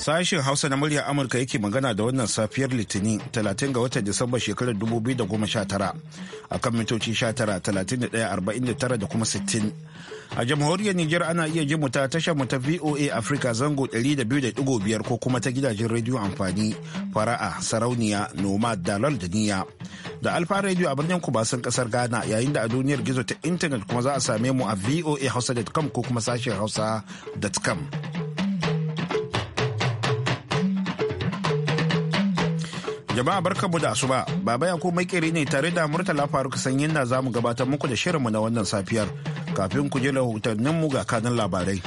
Sashen Hausa na muryar Amurka yake magana da wannan safiyar Litinin 30 ga watan Disamba shekarar 2019 a kan mitoci 19,31,49 da kuma 60. A jamhuriyar Nijar ana iya jin ta tashar mu ta VOA Africa zango 200.5 ko kuma ta gidajen rediyo amfani fara'a sarauniya noma dalar da niya da alfa rediyo a birnin kubasan kasar Ghana yayin da a duniyar gizo ta intanet kuma za a same mu a voa voahausa.com ko kuma sashen hausa.com. Jama'a mu da asuba, Baba ya komai kere ne tare da Murtala Faruk Sanyin na zamu gabatar muku da shirinmu na wannan safiyar. Kafin ku je ji mu ga kanin labarai.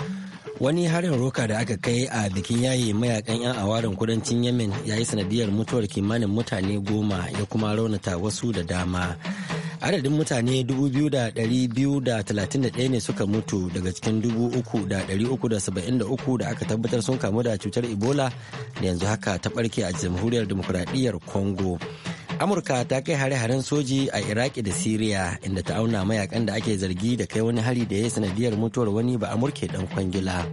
Wani harin roka da aka kai a bikin yayi mayakan 'yan awarin kudancin Yemen ya yi sanadiyar mutuwar kimanin mutane goma ya kuma raunata wasu da dama. adadin mutane 2,231 ne suka mutu daga cikin 3,373 da aka tabbatar sun kamu da cutar ebola da yanzu haka ta barke a jamhuriyar demokuraɗiyyar congo. amurka ta kai hare-haren soji a iraki da siriya inda ta auna mayakan da ake zargi da kai wani hari da ya sanadiyar mutuwar wani ba amurke dan kwangila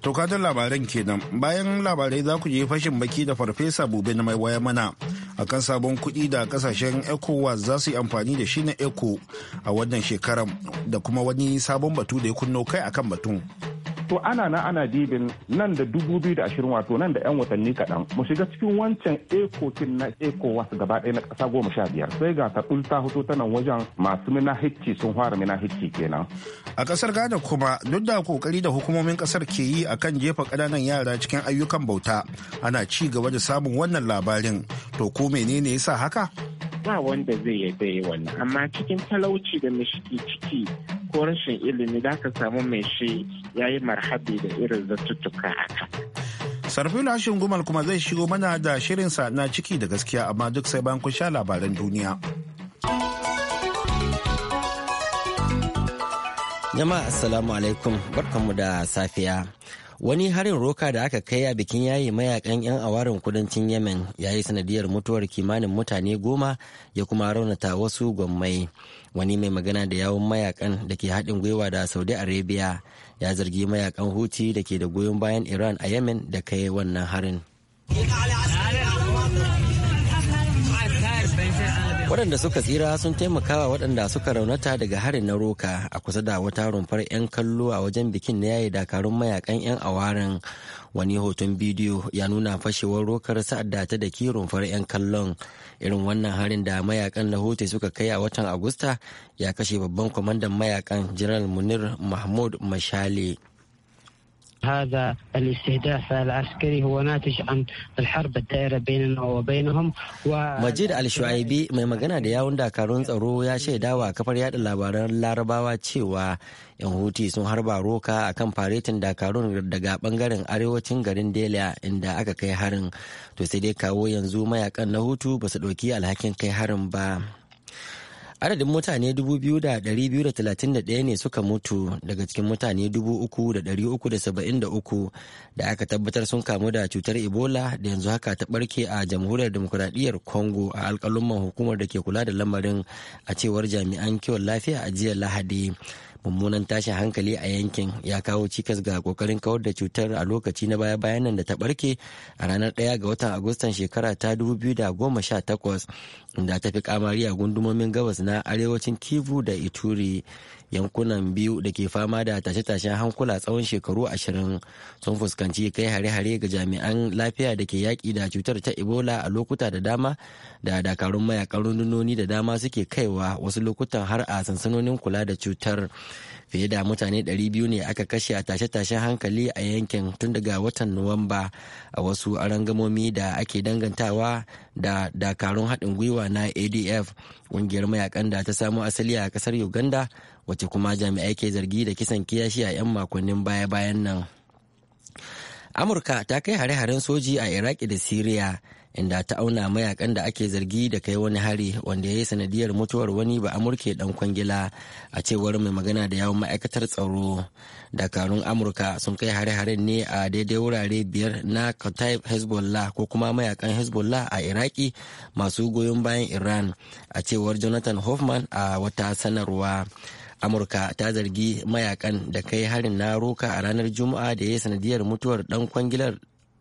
to labaran kenan bayan labarai za ku je fashin baki da farfesa bube na mai waya mana akan sabon kuɗi da kasashen ecowas za su yi amfani da shi na eco a wannan shekarar da kuma wani sabon batu da ya kunno kai akan batun to ana na ana dibin nan da dubu biyu da ashirin wato nan da yan watanni kaɗan mu shiga cikin wancan ekokin na ecowas gaba ɗaya na ƙasa goma sha biyar sai ga ta ta hoto ta nan wajen masu minahicci sun fara minahicci kenan. a ƙasar ghana kuma duk da kokari da hukumomin ƙasar ke yi a kan jefa ƙananan yara cikin ayyukan bauta ana ci gaba da samun wannan labarin to ko menene yasa haka ba wanda zai yi wannan amma cikin talauci da mashiki ciki ko rashin ilimi da ka samu mai shi ya yi marhabi da irin zartuttuka haka. sarfi lashin gumal kuma zai shigo mana da shirinsa na ciki da gaskiya amma duk sai bayan kun sha labaran duniya. jama'a assalamu alaikum barkanmu da safiya wani harin roka da aka kai a bikin yayi mayakan 'yan awarin kudancin yemen ya yi sanadiyar mutuwar kimanin mutane goma ya kuma raunata wasu gwammai wani mai magana da yawon mayakan da ke haɗin gwiwa da saudi arabia ya zargi mayakan huti da ke da goyon bayan iran a yemen da kai wannan harin waɗanda suka tsira sun taimakawa waɗanda suka raunata daga harin na roka a kusa da wata rumfar 'yan kallo a wajen bikin na yayi dakarun mayakan 'yan awarin wani hoton bidiyo ya nuna fashewar rokar sa'ad da ta daki rumfar 'yan kallon irin wannan harin da mayakan na hote suka kai a watan agusta ya kashe babban kwamandan mayakan jiran munir mahmud mashale هذا الاستهداف العسكري هو ناتج عن الحرب الدائرة بيننا وبينهم و... مجيد mai magana da yawun dakarun tsaro ya shaidawa wa kafar yada labaran larabawa cewa yan huti sun harba roka a kan faretin dakarun daga bangaren arewacin garin delia inda aka kai harin to sai dai kawo yanzu mayakan na hutu ba su ɗauki alhakin kai harin ba adadin mutane 2,231 ne suka mutu daga cikin mutane 3,373 da aka tabbatar sun kamu da cutar ebola da yanzu haka ta barke a jamhuriyar demokuraɗiyyar congo a alkalumman hukumar da ke kula da lamarin a cewar jami'an kiwon lafiya a jiya lahadi mummunan tashin hankali a yankin ya kawo cikas ga kokarin kawar da cutar a lokaci na baya bayan nan da ta barke a ranar 1 ga watan agustan shekara ta 2018 inda ta fi kamari a gundumomin gabas na arewacin kivu da ituri yankunan biyu da ke fama da tashe-tashen hankula tsawon shekaru ashirin sun fuskanci kai hare-hare ga jami'an lafiya da ke yaƙi da cutar ta ebola a lokuta da dama da dakarun mayakan rundunoni da dama suke kaiwa wasu lokutan har a sansanonin kula da cutar fiye da mutane 200 ne aka kashe a tashe-tashen hankali a yankin tun daga watan nuwamba a wasu arangamomi da ake dangantawa da dakarun haɗin gwiwa na adf ƙungiyar mayakan da ta samo asali a ƙasar uganda wacce kuma jami'ai ke zargi da kisan kiyashi a 'yan makonnin baya-bayan nan amurka ta kai hare-haren soji a iraki da siriya inda ta auna mayakan da ake zargi da kai wani hari wanda ya yi sanadiyar mutuwar wani ba amurke dan kwangila a cewar mai magana da yawon ma'aikatar tsaro dakarun amurka sun kai hare-haren ne a daidai wurare biyar na kataib hezbollah ko kuma mayakan hezbollah a iraki masu goyon bayan iran a cewar jonathan hoffman a wata sanarwa amurka ta zargi mayakan da kai harin na roka a ranar juma'a da ya yi sanadiyar mutuwar dan kwangilar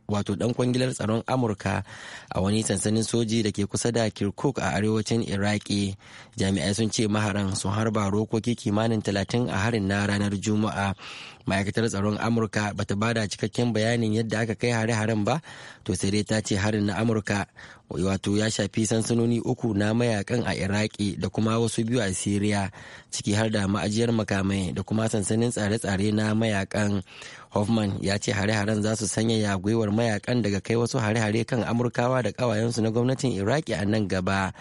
wato dan kwangilar tsaron amurka a wani sansanin soji da ke kusa da kirkuk a arewacin iraki jami'ai sun ce maharan sun harba rokoki kimanin talatin a harin na ranar juma'a ma'aikatar tsaron amurka ba bata bada cikakken bayanin yadda aka kai hare-haren ba to sai dai ta ce harin na amurka wato ya shafi sansanoni uku na mayakan a iraki da kuma wasu biyu a siriya ciki har da ma'ajiyar makamai da kuma sansanin tsare-tsare na mayakan Hoffman ya ce hare-haren za su sanyaya gwiwar mayakan daga kai wasu hare-hare kan Amurkawa da kawayensu na gwamnatin Iraki a nan gaba.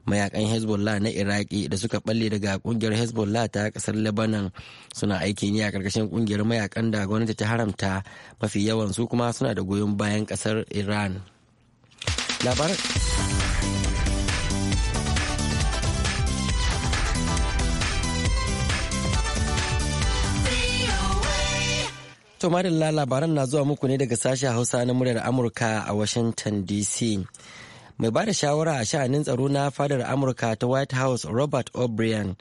mayakan hezbollah na iraki da suka balle daga kungiyar hezbollah ta kasar lebanon suna aiki ne a karkashin kungiyar mayakan da gwamnati ta haramta mafi yawan su kuma suna da goyon bayan kasar iran To labaran na zuwa muku ne daga sashen Hausa na muryar Amurka a Washington DC. Mai bada shawara a sha'anin tsaro na fadar Amurka ta White House Robert O'Brien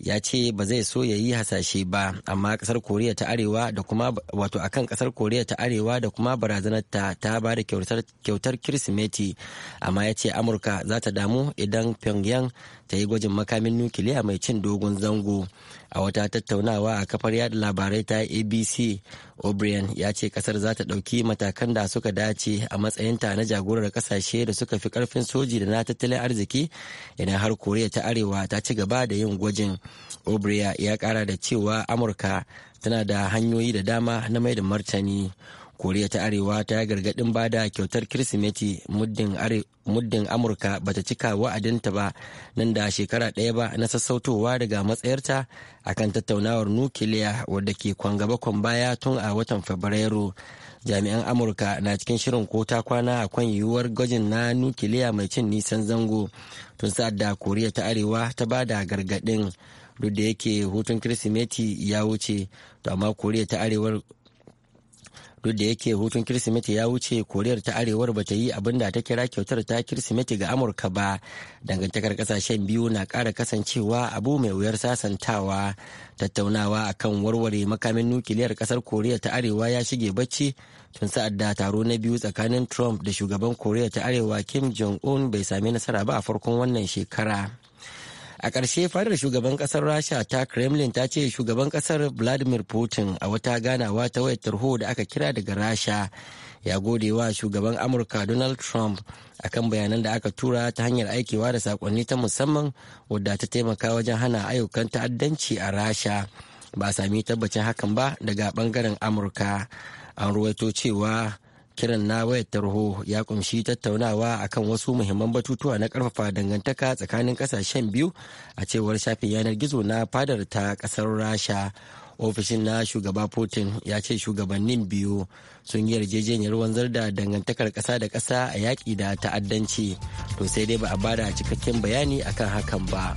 ya ce ba zai so ya yi hasashe ba amma kasar Koriya ta Arewa da kuma wato akan kasar Koriya ta Arewa da kuma barazanar ta ta ba da kyautar Kirsimeti amma ya ce Amurka za ta damu idan Pyongyang ta yi gwajin makamin nukiliya mai cin dogon zango. a wata tattaunawa a kafar yada labarai ta abc o'brien ya ce kasar za ta ɗauki matakan da suka dace a matsayinta na jagorar kasashe da suka fi karfin soji da na tattalin arziki idan har koriya ta arewa ta ci gaba da yin gwajin o'brien ya kara da cewa amurka tana da hanyoyi da dama na mai da martani koriya ta arewa ta yi gargadin ba da kyautar kirsimeti muddin amurka bata cika wa'adinta ba nan da shekara ɗaya ba na sassautowa daga matsayarta a kan tattaunawar nukiliya wadda ke gaba kwan baya tun a watan fabrairu jami'an amurka na cikin shirin ko ta kwana a kan yiwuwar gwajin na nukiliya mai cin nisan zango tun sa'ad da koriya ta arewa ta ba da gargadin duk da yake hutun kirsimeti ya wuce to amma koriya ta arewar duk da yake hutun kirsimeti ya wuce koriyar ta arewar ba ta yi abin da ta kira kyautar ta kirsimeti ga amurka ba dangantakar kasashen biyu na ƙara kasancewa abu mai wuyar sasantawa tattaunawa akan warware makamin nukiliyar kasar koriya ta arewa ya shige bacci tun sa'ad da taro na biyu tsakanin trump da shugaban koriya ta arewa kim jong-un bai sami nasara ba a farkon wannan shekara. A ƙarshe fadar shugaban ƙasar Rasha ta Kremlin ta ce shugaban ƙasar Vladimir Putin a wata ganawa ta wayar tarho da aka kira daga Rasha ya gode wa shugaban Amurka Donald Trump akan bayanan da aka tura ta hanyar aikewa da sakonni ta musamman wadda ta taimaka wajen hana ayyukan ta'addanci a Rasha. Ba a sami tabbacin hakan ba daga ɓangaren Amurka. An ruwaito cewa kiran na wayar tarho ya kumshi tattaunawa akan wasu muhimman batutuwa na karfafa dangantaka tsakanin kasashen biyu a cewar shafin yanar gizo na fadar ta kasar rasha ofishin na shugaba putin ya ce shugabannin biyu sun yi yarjejeniyar wanzar da dangantakar kasa da kasa a yaƙi da ta'addanci to sai dai ba a bada cikakken bayani akan hakan ba.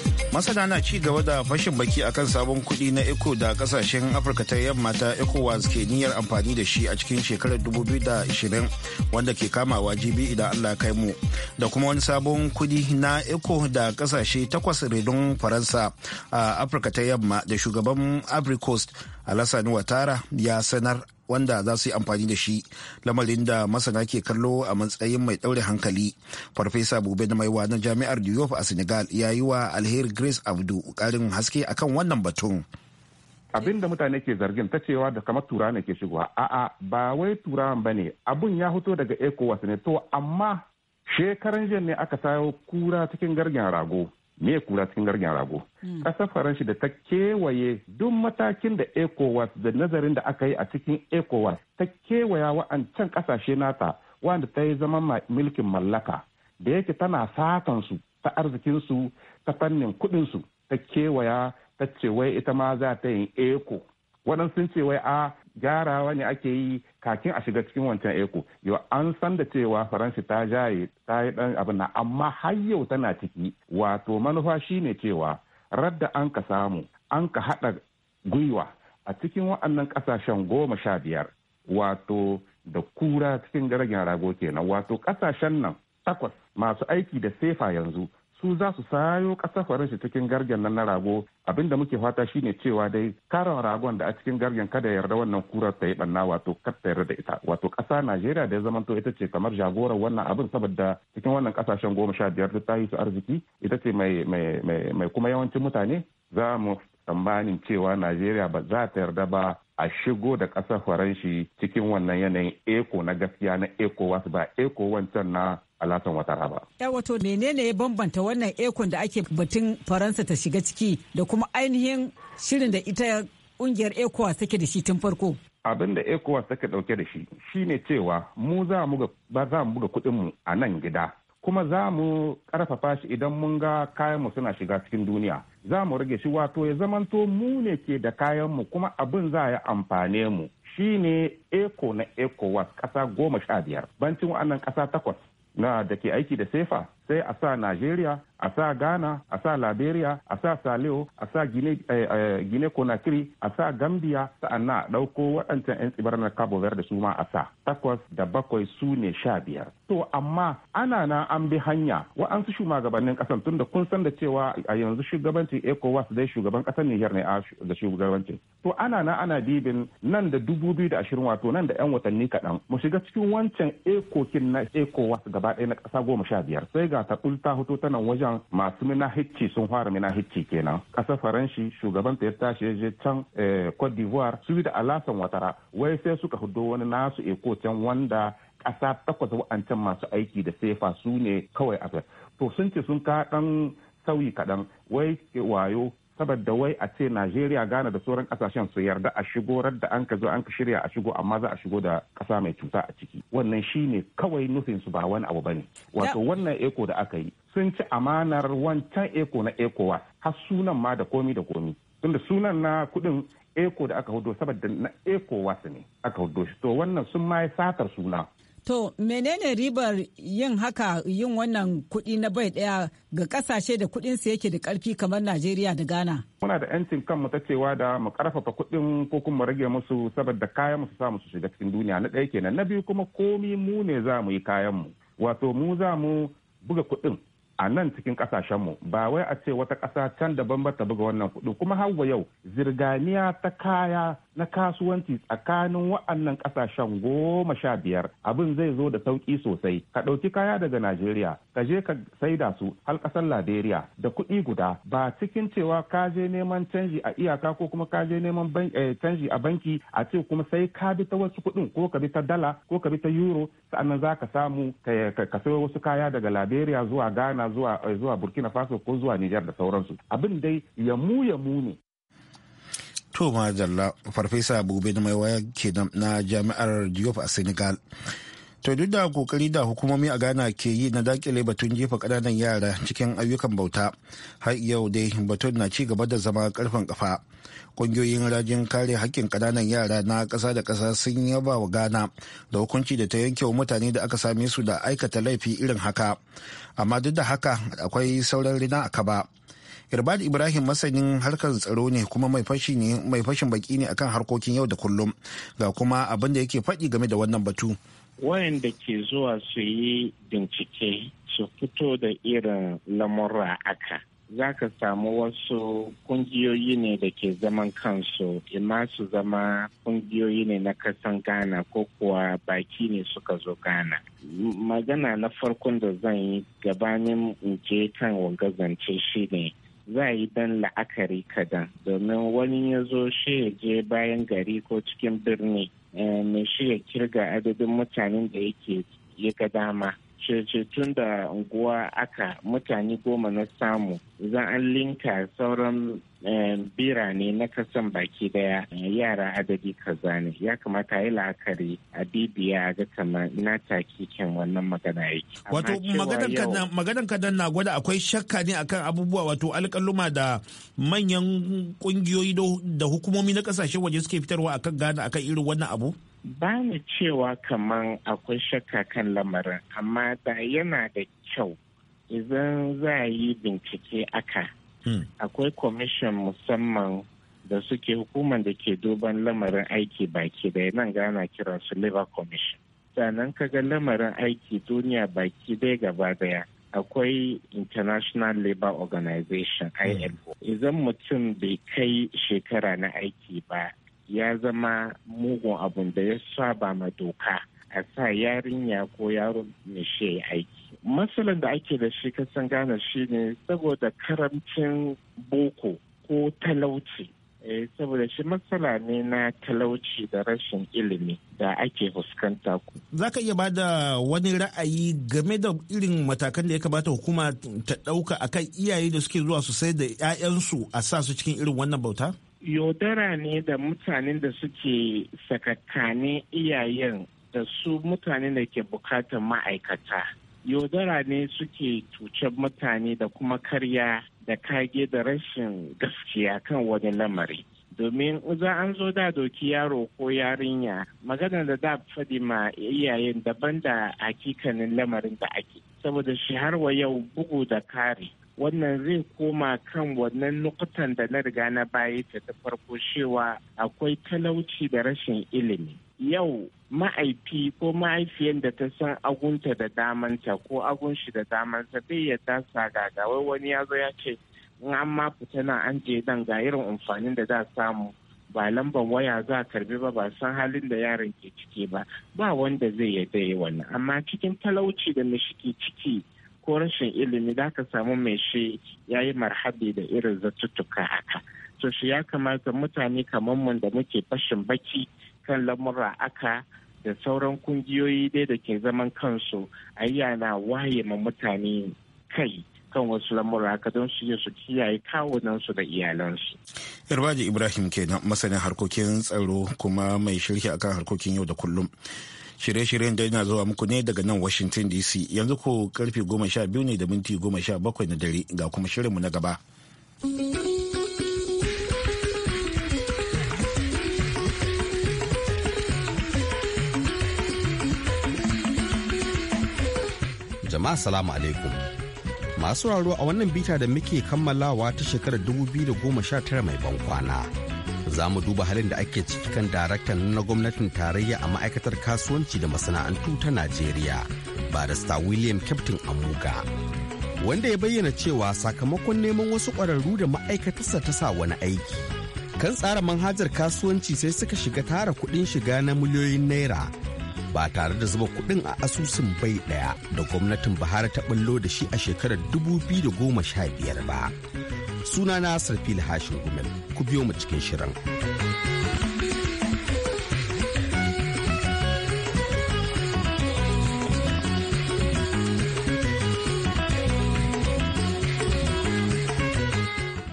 masana na ci gaba da fashin baki akan sabon kuɗi na eco da kasashen afirka ta yamma ta ecowas ke niyyar amfani da shi a cikin shekarar 2020 wanda ke kamawa jibi idan allah kai mu da kuma wani sabon kuɗi na eco da kasashe takwas redon faransa a afirka ta yamma da shugaban africost alasani watara ya sanar wanda za su yi amfani da shi lamarin da masana ke kallo a matsayin mai ɗaure hankali farfesa bube na maiwa na jami'ar diop a senegal ya yi wa alheri grace abdu karin haske akan wannan batun abin da mutane ke zargin ta cewa da kamar tura ne ke shigowa a'a ba wai turawan ba ne abun ya fito daga ecowas ne to amma shekaran jiya ne aka sayo kura cikin gargen rago me kura cikin gargin rago ƙasar hmm. faranshi da ta kewaye duk matakin da ecowas da nazarin da aka yi a cikin ecowas ta kewaya wa'ancan ƙasashe nata wanda ta yi zama milkin mallaka da yake tana satan su ta arzikinsu ta fannin su ta kewaya ta ce wai ita ma za ta yin eco waɗansu sun ce wai a gyarawa ne ake yi kakin a shiga cikin wancan eco yau an san da cewa faransa ta jaye ta yi dan abin nan amma har yau tana ciki wato manufa shine cewa radda an ka samu an ka hada gwiwa a cikin waɗannan ƙasashen goma sha biyar wato da kura cikin garagen rago kenan wato ƙasashen nan takwas masu aiki da sefa yanzu su za su sayo ƙasar shi cikin gargen nan na rago abin da muke fata shine cewa dai karan ragon da a cikin gargen kada yarda wannan kura ta yi ɓanna wato kar ta yarda da ita wato ƙasa najeriya da ya zamanto ita ce kamar jagorar wannan abin saboda cikin wannan ƙasashen goma sha biyar ta yi su arziki ita ce mai kuma yawancin mutane za mu tsammanin cewa najeriya ba za ta yarda ba a shigo da ƙasar faranshi cikin wannan yanayin eko na gaskiya na eko wasu ba eko wancan na alatan watara ba. Ya wato menene ya bambanta wannan ekon da ake batun faransa ta shiga ciki da kuma ainihin shirin da ita ƙungiyar ecowas take da shi tun farko. Abin da ecowas take dauke da shi shine cewa mu za mu ga kuɗin mu a nan gida kuma za mu karfafa shi idan mun ga kayanmu suna shiga cikin duniya za mu rage shi wato ya zamanto mu ne ke da kayanmu kuma abin za ya amfane mu shi ne eco na ecowas kasa goma sha biyar bancin wa'annan kasa takwas na da ke aiki da sefa sai a sa najeriya a sa ghana a sa liberia a sa saleo a sa gine eh, eh, conakry a sa gambia sa'annan a ɗauko waɗancan 'yan tsibirar na cabo verde su ma a sa takwas da bakwai su ne sha biyar to amma ana na an bi hanya wa'ansu shugabannin ƙasan tun da kun san da cewa a yanzu shugabancin ecowas dai shugaban ƙasar niger ne da shugabancin to ana na ana dibin nan da dubu biyu da ashirin wato nan da 'yan watanni kaɗan mu shiga cikin wancan ekokin na ecowas gaba ɗaya na ƙasa goma sha biyar sai ga ta ta hoto ta wajen can masu minahicci sun fara minahicci kenan ƙasar faranshi shugaban ta ya tashi ya je can eh, cote d'ivoire su da alasan watara wai sai suka hudo wani nasu eko can wanda ƙasa takwas wa'ancan masu aiki da sefa su ne kawai a to sun ce sun ka dan sauyi kaɗan wai wayo saboda wai a ce Najeriya gana da sauran kasashen su yarda a shigo da an ka zo an ka shirya a shigo amma za a shigo da kasa mai cuta a ciki wannan shi ne kawai nufin su ba wani abu bane wato wannan eko da aka yi sun ci amanar wancan eko na ekowa har sunan ma da komi da komi tunda sunan na kudin eko da aka hudo saboda na eko wasu ne aka hudo shi to wannan sun ma yi satar suna To menene ribar yin haka yin wannan kuɗi na bai ɗaya ga ƙasashe da kuɗinsu yake da karfi kamar Najeriya da Ghana? Muna da 'yancin kanmu ta cewa da mu ƙarfafa kuɗin ko kuma rage musu saboda kayan su samu su shiga cikin duniya na ɗaya kenan na biyu kuma komi mu ne za mu yi kayan mu wato mu za mu buga kuɗin a nan cikin mu ba wai a ce wata ƙasa can daban ba ta buga wannan kuɗin kuma har yau zirganiya ta kaya na kasuwanci tsakanin wa'annan kasashen goma sha biyar abin zai zo da sauki sosai ka ɗauki kaya daga najeriya ka je ka saida su har ƙasar liberia da kuɗi guda ba cikin cewa ka je neman canji a iyaka ko kuma ka je neman eh, canji a banki a ce kuma sai ka bi ta wasu kuɗin ko ka bi ta dala ko ka bi ta euro sa'annan za ka samu ka sayo wasu kaya daga liberia zuwa ghana eh, zuwa burkina faso ko zuwa niger da sauransu abin dai yamu yamu ne to madalla farfesa bube mai waya kenan na jami'ar diop a senegal to duk da kokari da hukumomi a ghana ke yi na dakile batun jefa kananan yara cikin ayyukan bauta har yau dai batun na ci gaba da zama karfin kafa kungiyoyin rajin kare hakkin kananan yara na ƙasa da ƙasa sun yaba wa ghana da hukunci da ta yanke wa mutane da aka same su da aikata laifi irin haka amma duk da haka akwai sauran rina a kaba Irbad Ibrahim masanin harkar tsaro ne kuma mai fashin baki ne akan harkokin yau da kullum ga kuma abin da yake faɗi game da wannan batu. Wayanda ke zuwa su yi bincike su fito da irin lamurra aka. Za ka samu wasu kungiyoyi ne da ke zaman kansu, ima su zama kungiyoyi ne na kasan Ghana ko kuwa baki ne suka zo Ghana. Magana na farkon da zan yi gabanin in je kan wangazance shi ne. za a yi dan la'akari kadan domin wani ya zo shi ya je bayan gari ko cikin birni eh, mai shi ya kirga adadin mutanen da yake ya ga dama cecetun da unguwa aka mutane goma na samu za an linka sauran eh, birane na kasan baki daya eh, yara adadi kaza ne ya kamata a yi la'akari a bibiya ga kamar ina takikin wannan magana yake. Wato maganan kadan na gwada akwai shakka ne akan abubuwa wato alƙaluma da manyan ƙungiyoyi da hukumomi na ƙasashen waje suke fitarwa akan gane akan irin wannan abu? ba ni cewa kaman akwai shakka kan lamarin amma da yana da kyau idan za a yi bincike aka hmm. akwai kwamishin musamman da suke hukumar da ke duban lamarin aiki baki da nan gana kiran su labor commission sannan kaga lamarin aiki duniya baki dai gaba daya akwai international labor organization hmm. ilo idan mutum bai kai shekara na aiki ba ya zama mugun abun da ya saba ma doka a sa yarinya ko yaro ne shi aiki matsalan da ake da shi kasan gane shi ne saboda karamcin boko ko talauci eh, saboda shi matsala ne na talauci da rashin ilimi da ake fuskanta ku. Za ka iya bada wani ra'ayi game da irin matakan da ya kamata hukuma ta ɗauka akan iyaye da suke zuwa su sai da 'ya'yansu a sa su cikin irin wannan bauta? yaudara ne da mutanen da suke sakakkanin iyayen da su mutanen da ke bukatar ma'aikata yaudara ne suke cuce mutane da kuma karya da kage da rashin gaskiya kan wani lamari domin za an zo da doki yaro ko yarinya magana da da faɗi ma iyayen daban da hakikanin lamarin da ake saboda shi har wa yau bugu da kare wannan zai koma kan wannan nukutan da na riga na baya ta ta farko cewa akwai talauci da rashin ilimi yau ma'aifi ko ma'aifiyan da ta san agunta da damanta ko agun shi da damanta bai ya sa gaga wai wani ya zo ya ce in an ma fita nan an je dan ga irin amfanin da za samu ba lamban waya za a karbi ba ba san halin da yaron ke ciki ba ba wanda zai yarda yi wannan amma cikin talauci da mishiki ciki ko rashin ilimi za ka samu mai shi ya yi marhabi da irin zatuttuka haka to shi ya kamata mutane kamar mun da muke fashin baki kan lamura aka da sauran kungiyoyi dai da ke zaman kansu a yana waye ma mutane kai kan wasu lamura aka don su yi su kiyaye kawunansu da iyalansu. Yarbaji Ibrahim kenan masanin harkokin tsaro kuma mai shirki akan harkokin yau da kullum. shirye-shiryen da yana zuwa muku ne daga nan washington dc yanzu ko karfe goma sha biyu ne da minti goma sha bakwai na dare ga kuma shirinmu na gaba jama'a salamu alaikum masu raro a wannan bita da muke kammalawa ta shekarar 2019 mai ban kwana za mu duba halin da ake ciki kan daraktan na gwamnatin tarayya a ma'aikatar kasuwanci da masana'antu ta najeriya barista william captain amuga wanda ya bayyana cewa sakamakon neman wasu ƙwararru da ma'aikatarsa ta sa wani aiki kan tsara manhajar kasuwanci sai suka shiga tara kuɗin shiga na miliyoyin naira ba tare da zuba kuɗin a asusun bai ɗaya da gwamnatin Buhari ta ɓallo da shi a shekarar 2015 ba. Suna na Sarfil Hashin Gumel, ku biyo mu cikin shirin.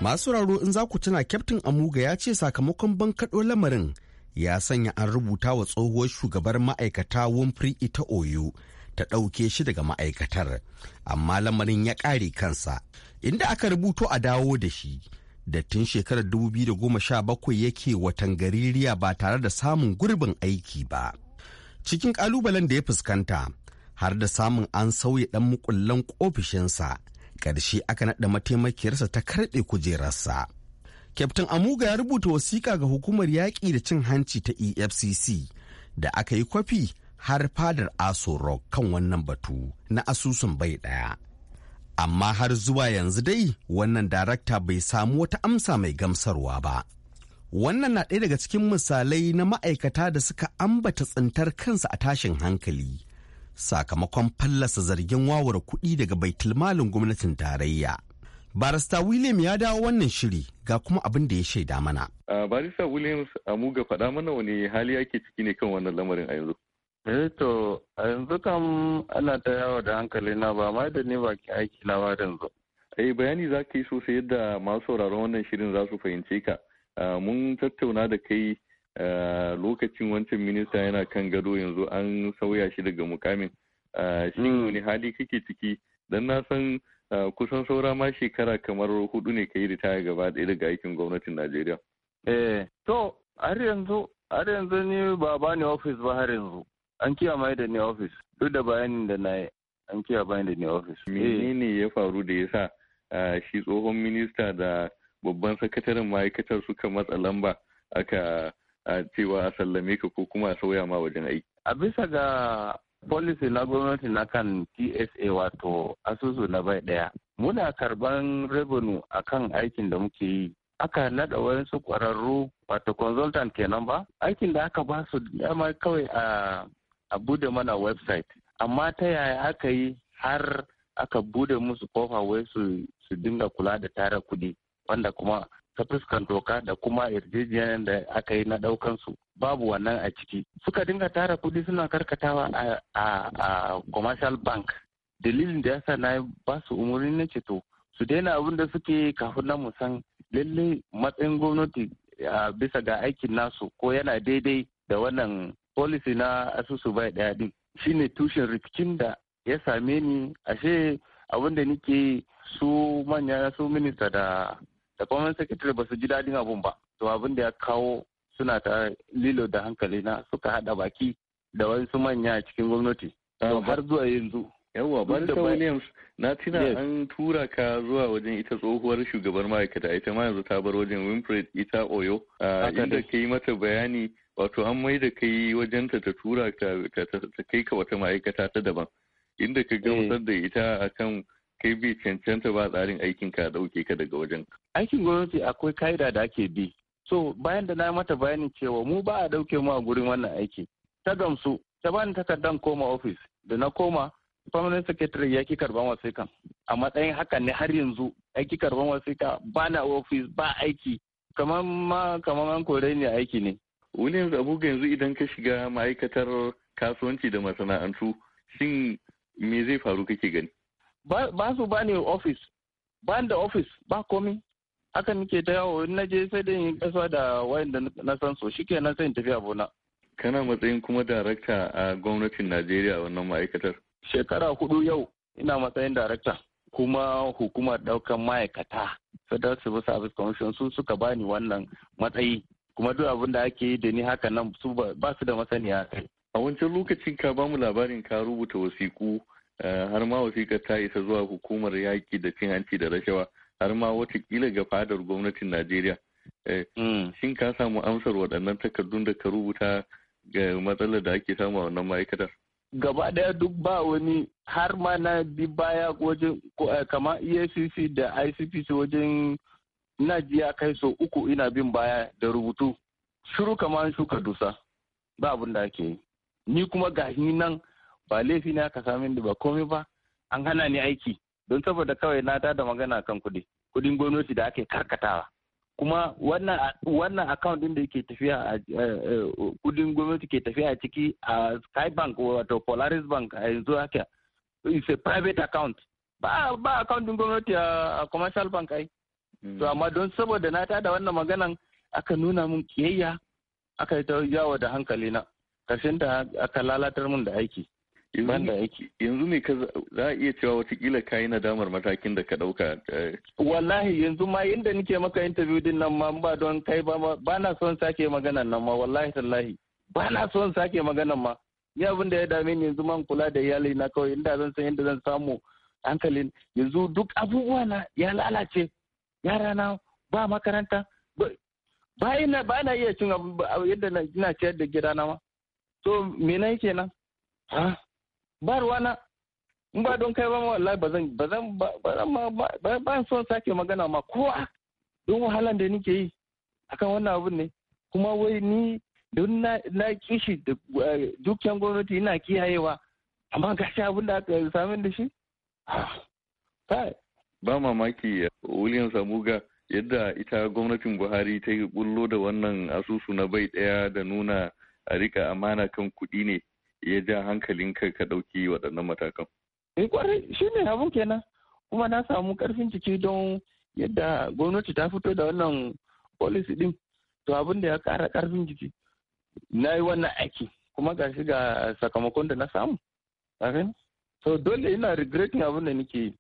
Masu raro in za ku tuna Kyaftin Amuga ya ce sakamakon bankaɗo lamarin ya sanya an rubuta wa tsohuwar shugabar ma'aikata Winfrey ita Oyo ta ɗauke shi daga ma'aikatar, amma lamarin ya ƙare kansa, inda aka rubuto a dawo da shi. Da tun shekarar 2017 yake watan gaririya ba tare da samun gurbin aiki ba. Cikin ƙalubalen da ya fuskanta, har da samun an sauya ɗan mukullan ofishinsa, ƙarshe aka naɗa mataimakiyarsa ta karɓe kujerarsa. Kyaftin Amuga ya rubuta wasiƙa ga hukumar yaƙi da cin hanci ta EFCC da aka yi kwafi har fadar Aso Rock kan wannan batu na asusun bai ɗaya. Amma har zuwa yanzu dai wannan darakta bai samu wata amsa mai gamsarwa ba. Wannan na ɗaya daga cikin misalai na ma'aikata da suka ambata tsintar kansa a tashin hankali sakamakon fallasa zargin wawar kuɗi daga baitulmalin gwamnatin tarayya. barista william ya dawo wannan shiri ga kuma abin da ya shaida mana barista williams a muga faɗa mana wani hali yake ciki ne kan wannan lamarin a yanzu eh to a yanzu kam ana ta yawo da hankali na ba ma da ne bakin aiki na ba yanzu eh bayani za ka yi sosai yadda masu sauraron wannan shirin za su fahimce ka mun tattauna da kai lokacin wancan minista yana kan gado yanzu an sauya shi daga mukamin shin hmm. wani hali kake ciki dan na san Eh, kusan saura ma shekara kamar hudu ne ka yi ritaya gaba ɗaya daga aikin gwamnatin Najeriya. Eh, to har yanzu har yanzu ni ba ba ni ofis ba har yanzu. An kiya mai da ni ofis duk da bayanin da na yi an kiya bayan da ni ofis. Eh. Menene ya faru da ya sa eh, shi tsohon minista da babban sakataren ma'aikatar suka matsa lamba aka cewa a sallame ka ko kuma a sauya ma wajen aiki. A bisa ga policy na gwamnati na kan tsa wato asusu na bai daya muna karban revenue akan aikin da muke yi aka nada wayansu kwararru wato consultant kenan ba aikin da aka ba su dama kawai a a bude mana website amma ta yaya aka yi har aka bude musu kofa wai su dinga kula da tara kuɗi wanda kuma ta fuskan doka da kuma yarjejeniyar da aka yi na ɗaukan babu wannan a ciki suka dinga tara kudi suna karkatawa a commercial bank dalilin da yasa na ba su umarni na ceto su daina abin da suke kafin na mu san lalle matsayin gwamnati a bisa ga aikin nasu ko yana daidai da wannan policy na asusu bai daya din shine tushen rikicin da ya same ni ashe abin da nike su manya su minista da da secretary ba su ji dadin abun ba to abin da ya kawo suna ta lilo da hankali na suka hada baki da wasu manya cikin gwamnati har zuwa yanzu yawwa da williams na tuna an tura ka zuwa wajen ita tsohuwar shugabar ma'aikata ita ma yanzu ta bar wajen winfred ita oyo ah, inda ka yi mata bayani wato an mai da kai wajenta ta tura ta kai ka wata ma'aikata ta daban inda ka gamsar da ita akan kai bi cancanta ba tsarin aikinka ka dauke ka daga wajen aikin gwamnati akwai ka'ida da ake bi so bayan da na mata bayani cewa mu ba a dauke mu a gurin wannan aiki ta gamsu ta bani takardar koma ofis da na koma permanent secretary ya ki karban wasiƙa a matsayin haka ne har yanzu ya ki karban wasiƙa ba na ofis ba aiki kamar ma kamar an kore ni aiki ne wani yanzu abubuwa yanzu idan ka shiga ma'aikatar kasuwanci da masana'antu shin me zai faru kake gani ba su ba ne ofis ba da ofis ba komi haka nake ta yawo in naje sai da yin kasa da wayanda na san so shikenan sai in tafi abuna kana matsayin kuma darakta a gwamnatin Najeriya wannan ma'aikatar shekara hudu yau ina matsayin darakta kuma hukumar daukan ma'aikata federal civil service commission su suka bani wannan matsayi kuma duk abin da ake yi da ni haka nan su ba su da masaniya kai a wancan lokacin ka bamu labarin ka rubuta wasiku eh, har ma wasikar ta isa zuwa hukumar yaƙi da cin hanci da rashawa har ma watakila ga fadar gwamnatin najeriya eh, mm. shin ka samu amsar waɗannan takardun da ka rubuta ga matsalar da ake samu a wannan ma'aikatar gaba ɗaya duk ba wani har ma na bi baya wajen eh, kama EACC da icpc wajen na jiya kai so uku ina bin baya da rubutu shuru kamar shuka dusa ba abin da ake yi ni kuma ga nan ba laifi na ka sami da ba komai ba an hana ni aiki don saboda kawai na tada magana kan kuɗi kuɗin gwamnati da ake karkatawa kuma wannan account din da yake tafiya a eh, eh, kudin gwamnati ke tafiya a ciki a Sky Bank wato Polaris Bank a yanzu haka it's a private account ba ba account din gwamnati a commercial bank ai hmm. to amma don saboda na tada wannan maganan aka nuna mun kiyayya aka yi ta yawo da hankali na karshen da aka lalatar mun da aiki yanzu ne ka za a iya cewa watakila ka yi nadamar matakin da ka ɗauka. Eh. Wallahi yanzu ma yadda nike maka interview din nan ma ba don kai ba ba na son sake magana nan ma wallahi tallahi ba na son sake maganan ma. Ni abin da ya dame ni yanzu man kula da iyali na kawai inda zan san inda zan samu hankalin yanzu duk abubuwa na ya lalace yara na ba makaranta ba ina ba na iya cin yadda na ciyar da na ma. To me na yake nan? Ha? ba ruwana in ba don kai ba ma wallahi ba zan ba zan ba ba so sake magana ma kowa don wahalan da nake yi akan wannan abun ne kuma wai ni don na kishi dukkan eh, gwamnati ina kiyayewa amma gashi abin da aka sami da shi ah, ba mamaki william samuga yadda ita gwamnatin buhari ta yi bullo da wannan asusu na bai daya da nuna a rika amana kan kuɗi ne ya ja hankalin kai ka ɗauki waɗannan matakan? Eh kwarai shi ne abun kenan kuma na samu karfin jiki don yadda gwamnati ta fito da wannan policy din to abin da ya ƙara karfin jiki na yi wannan aiki kuma ga shi ga sakamakon da na samu. So dole ina regretting abin da nake yi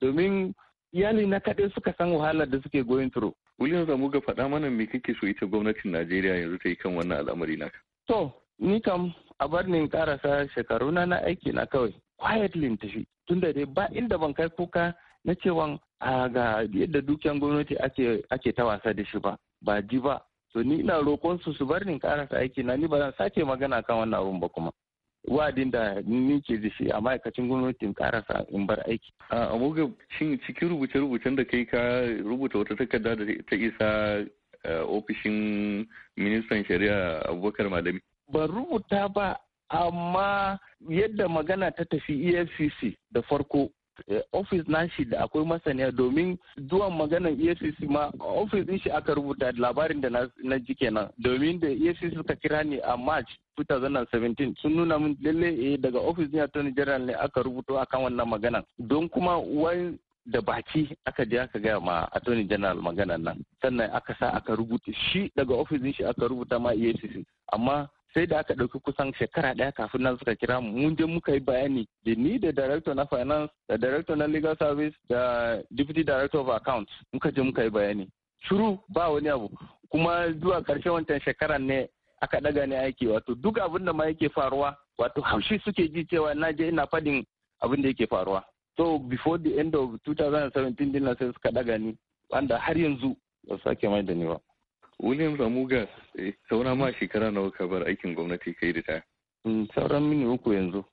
domin iyali na kaɗai suka san wahalar da suke going through. William Zamu ga faɗa mana me kake so ita gwamnatin Najeriya yanzu ta yi kan wannan al'amari naka. To, ni kam a bar ni karasa shekaru na na aiki na kawai quietly tafi tunda dai ba inda ban kai kuka na cewa a ga yadda dukiyan gwamnati ake ta wasa da shi ba ba ji ba to ni ina roƙon su su bar ni karasa aiki na ni ba zan sake magana kan wannan abun ba kuma wadin da ni ke da shi a ma'aikacin in karasa in bar aiki. A amoga shin cikin rubuce-rubucen da kai ka rubuta wata takarda da ta isa eh, ofishin ministan shari'a abubakar malami ban rubuta ba amma yadda magana ta tafi efcc da farko eh, ofis na shi da akwai masaniya domin zuwan maganar efcc ma ofis din shi aka rubuta labarin da na ji kenan domin da efcc suka kira ni a march 2017 sun nuna min lalle eh, daga ofis din attorney general ne aka rubuto akan wannan maganan don kuma wani da baki aka je aka gaya ma attorney general maganan nan sannan aka sa aka rubuta shi daga ofis din shi aka rubuta ma efcc amma sai da aka ɗauki kusan shekara ɗaya kafin nan suka kira mu mun je muka yi bayani da ni da director na finance da director na legal service da deputy director of accounts muka je muka yi bayani shiru ba wani abu kuma zuwa ƙarshen wancan shekaran ne aka ɗaga ne aiki wato duk abin da ma yake faruwa wato haushi suke ji cewa na je ina faɗin abin da yake faruwa so before the end of 2017 din sai suka ɗaga ni wanda har yanzu ba sake mai da ni ba William Zamuga eh, saura ma shekara nawa ka bar aikin gwamnati kai da ta. Mm, sauran mini uku yanzu.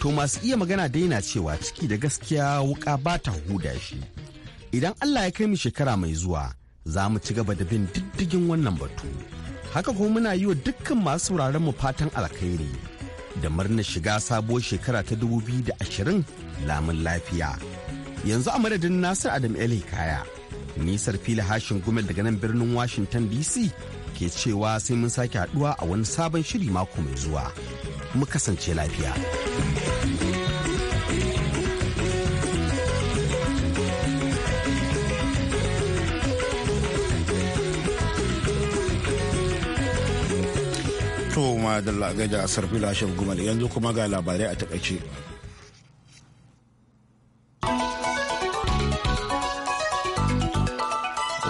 To masu iya magana daina cewa ciki da gaskiya wuka ba ta huda shi. Idan Allah ya kai mu shekara mai zuwa, za mu ci gaba da bin diddigin wannan batu haka kuma muna yi wa dukkan masu sauraron mu fatan alkhairi da murnar shiga sabuwar shekara ta 2020 lamun lafiya yanzu a madadin nasir adam el kaya nisar fili hashin gumel daga nan birnin washington dc ke cewa sai mun sake haduwa a wani sabon shiri mako mai zuwa mu kasance lafiya. kuma da lagai da asar filashin gumal yanzu kuma ga labarai a takaice.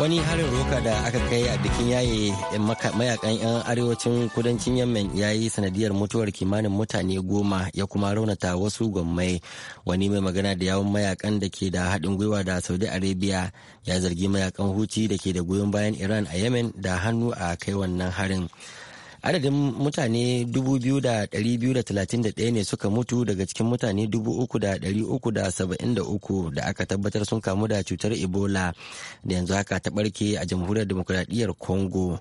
wani harin roka da aka kai a bikin yaye mayakan 'yan arewacin kudancin yamman ya yi sanadiyar mutuwar kimanin mutane goma ya kuma raunata wasu gwammai wani mai magana da yawon mayakan da ke da haɗin gwiwa da saudi arabia ya zargi mayakan huci da ke da goyon bayan iran a yamen da hannu a kai wannan harin adadin mutane 2,231 ne suka mutu daga cikin mutane 3,373 da aka tabbatar sun kamu da cutar ebola da yanzu haka ta barke a jamhuriyar demokuraɗiyyar congo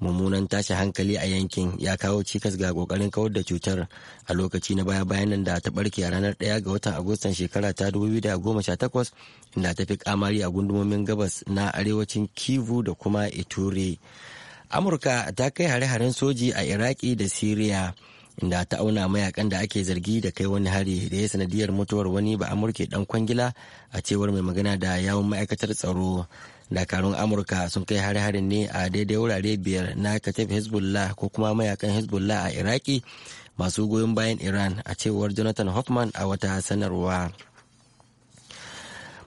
mummunan tashi hankali a yankin ya kawo cikas ga kokarin kawar da cutar a lokaci na baya bayan nan da ta barke a ranar 1 ga watan agustan shekara ta 2018 inda ta fi kamari a gundumomin gabas na arewacin kivu da kuma ituri. amurka ta kai hare-haren soji a iraki da siriya inda ta auna mayakan da ake zargi da kai wani hari da ya sanadiyar mutuwar wani ba amurke dan kwangila a cewar mai magana da yawon ma'aikatar tsaro dakarun amurka sun kai hare-haren ne a daidai wurare biyar na katif hezbollah ko kuma mayakan hezbollah a iraki masu goyon bayan iran a cewar jonathan hoffman a wata sanarwa.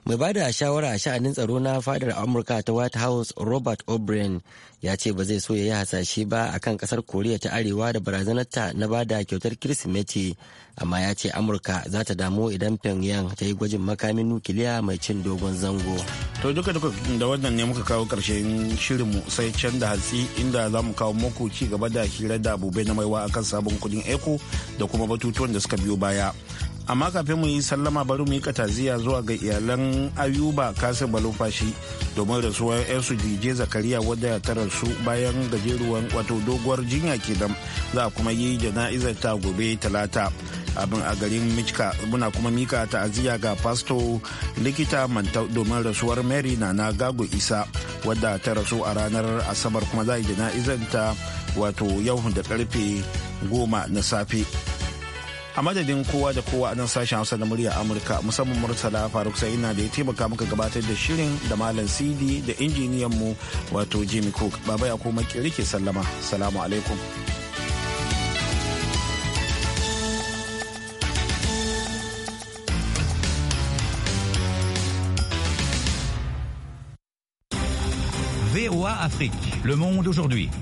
mai bada shawara a sha'anin tsaro na fadar amurka ta white house robert o'brien ya ce ba zai so ya yi hasashe ba a kan kasar koriya ta arewa da barazanarta na bada kyautar kirsimeti amma ya ce amurka za ta damu idan pyongyang ta yi gwajin makamin nukiliya mai cin dogon zango to duka duka da wannan ne muka kawo karshen shirinmu sai can da hatsi inda za mu kawo muku ci gaba da hira da abubai na maiwa akan sabon kudin eco da kuma batutuwan da suka biyo baya amma kafin mu yi sallama bari mu yi kataziya zuwa ga iyalan ayuba kasir balofashi domin rasuwar yarsu jije zakariya wadda ta rasu bayan gajeruwan wato doguwar jinya kenan za a kuma yi jana'izar ta gobe talata abin a garin michka muna kuma mika ta'aziyya ga pasto likita manta domin rasuwar mary na na gago isa wadda ta rasu a ranar asabar kuma za a yi jana'izar ta wato yau da karfe goma na safe a madadin kowa da kowa a nan sashen hausa na murya amurka musamman murtala faruk sa'ina da ya taimaka muka gabatar da shirin da malam cd da injiniyan mu wato jimmy cook baba ya koma ke sallama salamu alaikum VOA Afrique. Le monde aujourd'hui.